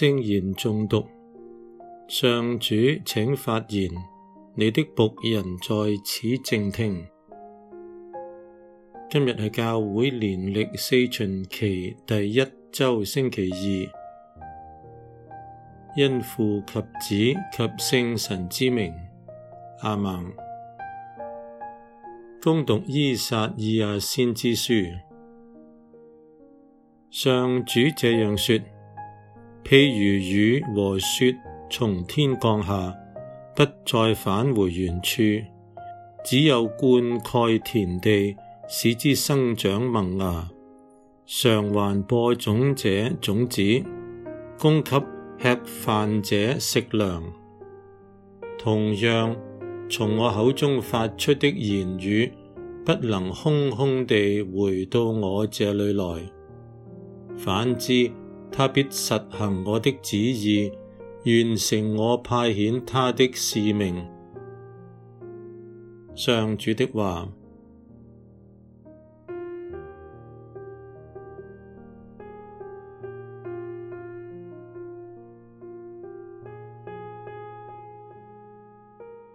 聖言誦讀，上主，請發言，你的僕人在此靜聽。今日係教會年曆四旬期第一周星期二，因父及子及聖神之名，阿門。恭讀依撒意亞先知書，上主這樣說。譬如雨和雪從天降下，不再返回原處，只有灌溉田地，使之生長萌芽；償還播種者種子，供給吃飯者食糧。同樣，從我口中發出的言語，不能空空地回到我這裏來，反之，他必實行我的旨意，完成我派遣他的使命。上主的話。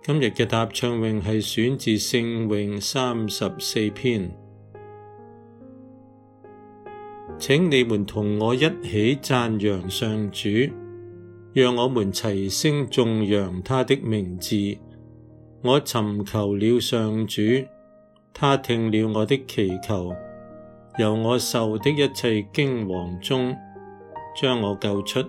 今日嘅答唱詠係選自聖詠三十四篇。請你們同我一起讚揚上主，讓我們齊聲頌揚他的名字。我尋求了上主，他聽了我的祈求，由我受的一切驚惶中將我救出。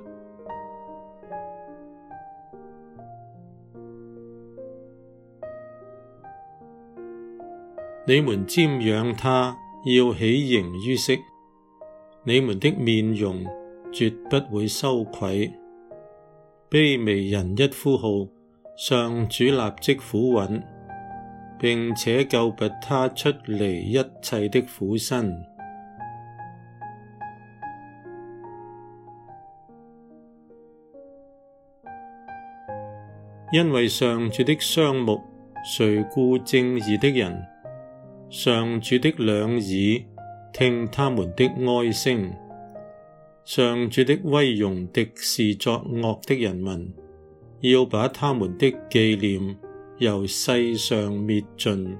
你們瞻仰他，要喜形於色。你們的面容絕不會羞愧，卑微人一呼號，上主立即俯允，並且救拔他出離一切的苦辛，因為上主的雙目垂顧正義的人，上主的兩耳。聽他們的哀聲，上主的威容敵視作惡的人民，要把他們的記念由世上滅盡。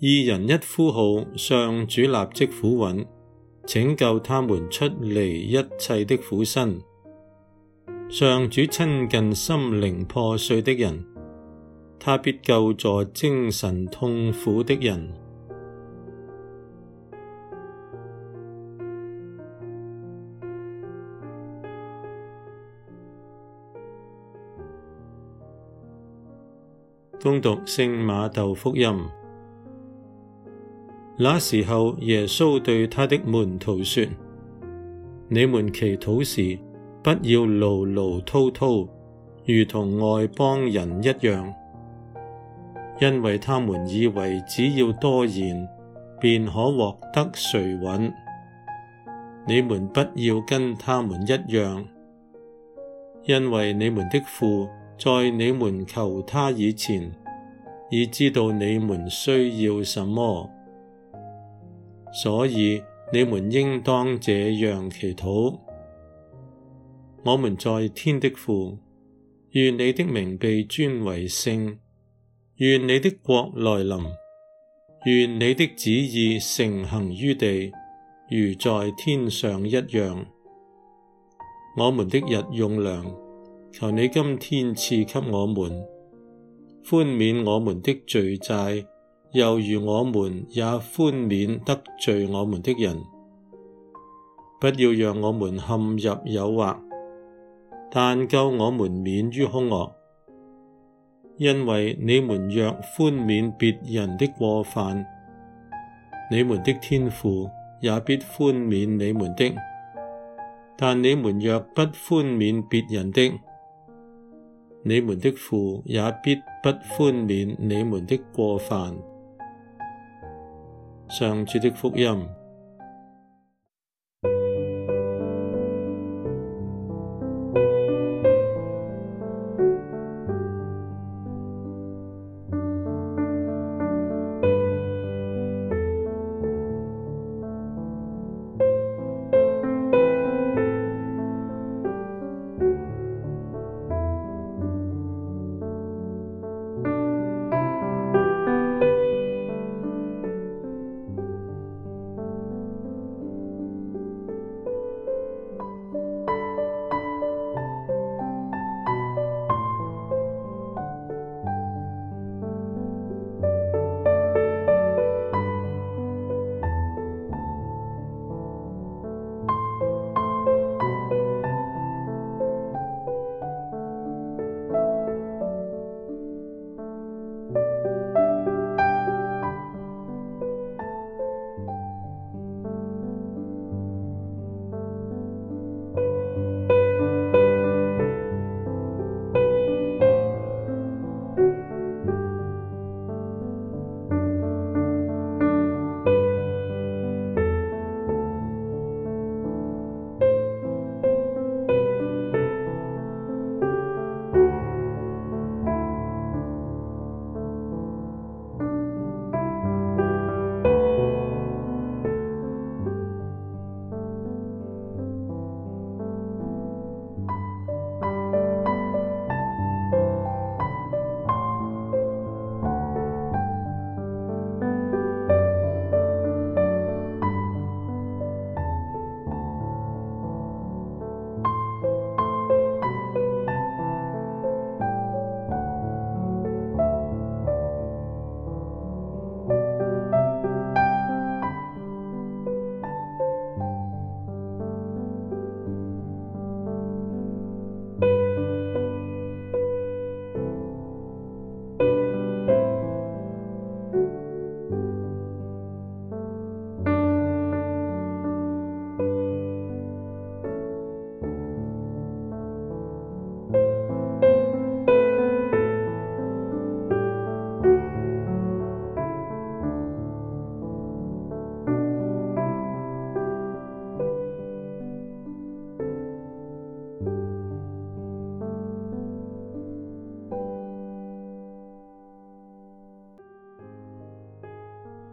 義人一呼號，上主立即俯允，拯救他們出離一切的苦辛。上主親近心靈破碎的人，他必救助精神痛苦的人。恭讀聖馬竇福音，那時候，耶穌對他的門徒說：你們祈禱時，不要嘮嘮叨叨，如同外邦人一樣，因為他們以為只要多言，便可獲得垂允。你們不要跟他們一樣，因為你們的父在你們求他以前，已知道你們需要什麼，所以你們應當這樣祈禱。我們在天的父，願你的名被尊為聖，願你的國來臨，願你的旨意承行於地，如在天上一樣。我們的日用糧，求你今天賜給我們，寬免我們的罪債，猶如我們也寬免得罪我們的人，不要讓我們陷入誘惑。但救我們免於兇惡，因為你們若寬免別人的過犯，你們的天父也必寬免你們的；但你們若不寬免別人的，你們的父也必不寬免你們的過犯。上主的福音。